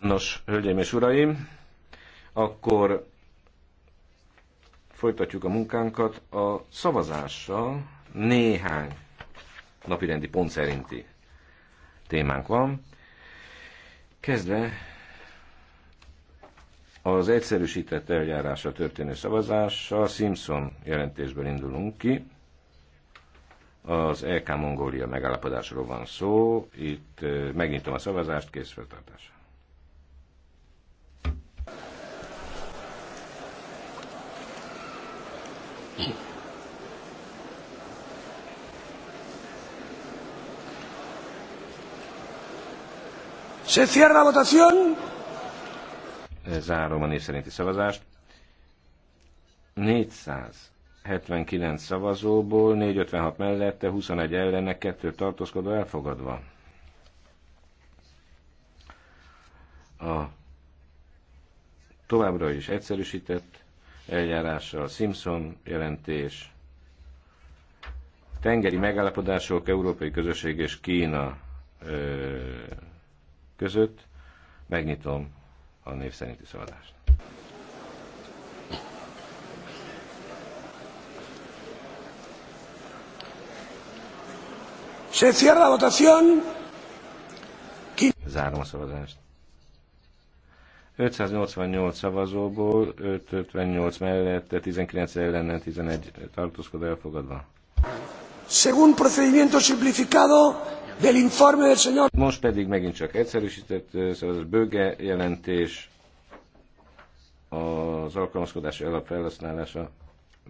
Nos, hölgyeim és uraim, akkor folytatjuk a munkánkat a szavazással néhány napirendi pont szerinti témánk van. Kezdve az egyszerűsített eljárásra történő szavazással Simpson jelentésből indulunk ki. Az EK Mongólia megállapodásról van szó. Itt megnyitom a szavazást, kész feltartás. Se cierra a votación. Zárom a név szerinti szavazást. 400 79 szavazóból, 456 mellette, 21 ellene, 2 tartózkodó elfogadva. A továbbra is egyszerűsített eljárással Simpson jelentés, tengeri megállapodások Európai Közösség és Kína ö, között. Megnyitom a név szerinti szavazást. Se cierra la votación. Zárom a szavazást. 588 szavazóból 558 mellette, 19 ellenen, 11 tartózkodó elfogadva. Según procedimiento simplificado del informe del señor... Most pedig megint csak egyszerűsített szavazás bőge jelentés az alkalmazkodási alap felhasználása.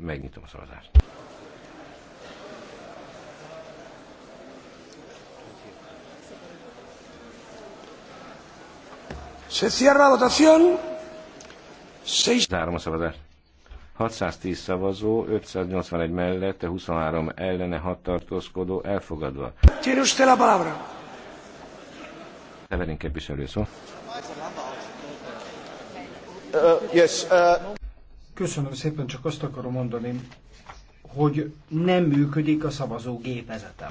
Megnyitom a szavazást. Se cierra votación. Zárom a szavazást. 610 szavazó, 581 mellette, 23 ellene, 6 tartózkodó, elfogadva. Tiene usted la palabra. Evelyn képviselő szó. Uh, yes, uh... Köszönöm szépen, csak azt akarom mondani, hogy nem működik a szavazó gépezetem.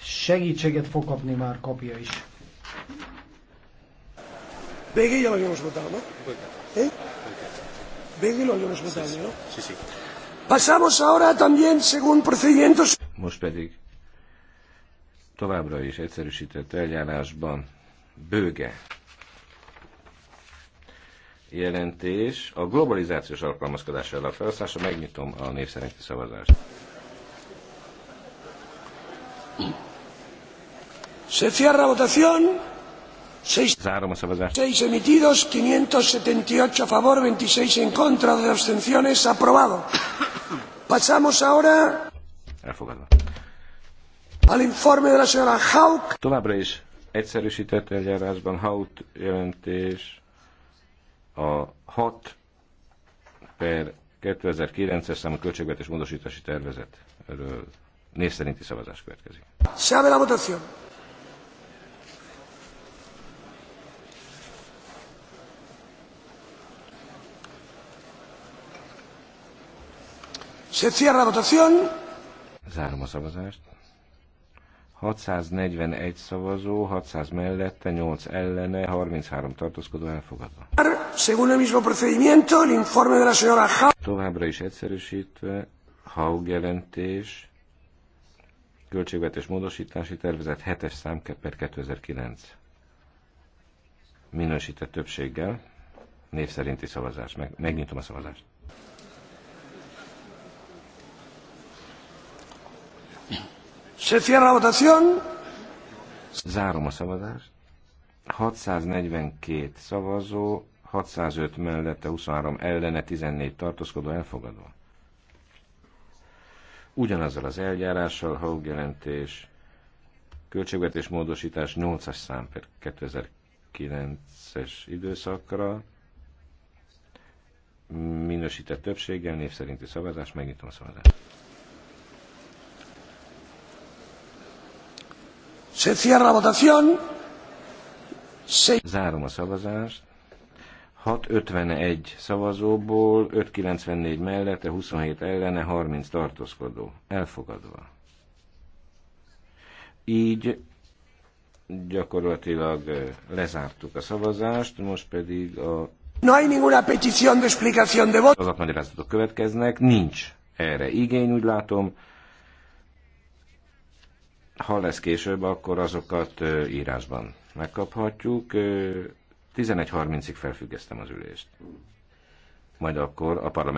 Segítséget fog kapni már kapja is. Begui ya lo habíamos votado, ¿no? ¿Eh? Begui lo habíamos votado, ¿no? Sí, sí. Pasamos ahora también según procedimientos. Most pedig továbbra is egyszerűsített eljárásban bőge jelentés a globalizációs alkalmazkodás ellen felhasználása. Megnyitom a név szerinti szavazást. Se cierra votación. Zárom a szavazást. 6 emitidos, 578 a favor, 26 en contra, de abstenciones, aprobado. Pasamos ahora... Elfogadva. Al informe de la señora Hauk. Továbbra is egyszerűsített eljárásban Haut jelentés a 6 per 2009-es számú költségvetés módosítási tervezetről név szerinti szavazás következik. Se abre la votación. Se cierra votación. Zárom a szavazást. 641 szavazó, 600 mellette, 8 ellene, 33 tartózkodó elfogadva. Según el mismo procedimiento, el informe de la señora ha Továbbra is egyszerűsítve, Haug jelentés, költségvetés módosítási tervezet 7-es szám per 2009. Minősített többséggel, név szerinti szavazás. Meg, megnyitom a szavazást. Se cierra la votación. Zárom a szavazást. 642 szavazó, 605 mellette, 23 ellene, 14 tartózkodó elfogadó. Ugyanazzal az eljárással Haug jelentés, költségvetés módosítás 8-as szám per 2009-es időszakra, minősített többséggel, név szerinti szavazás, megnyitom a szavazást. Zárom a szavazást. 651 szavazóból, 594 mellette, 27 ellene, 30 tartózkodó. Elfogadva. Így gyakorlatilag lezártuk a szavazást, most pedig a No hay ninguna petición de explicación de voto. Az következnek, nincs erre igény, úgy látom. Ha lesz később, akkor azokat írásban megkaphatjuk. 11.30-ig felfüggesztem az ülést. Majd akkor a parlament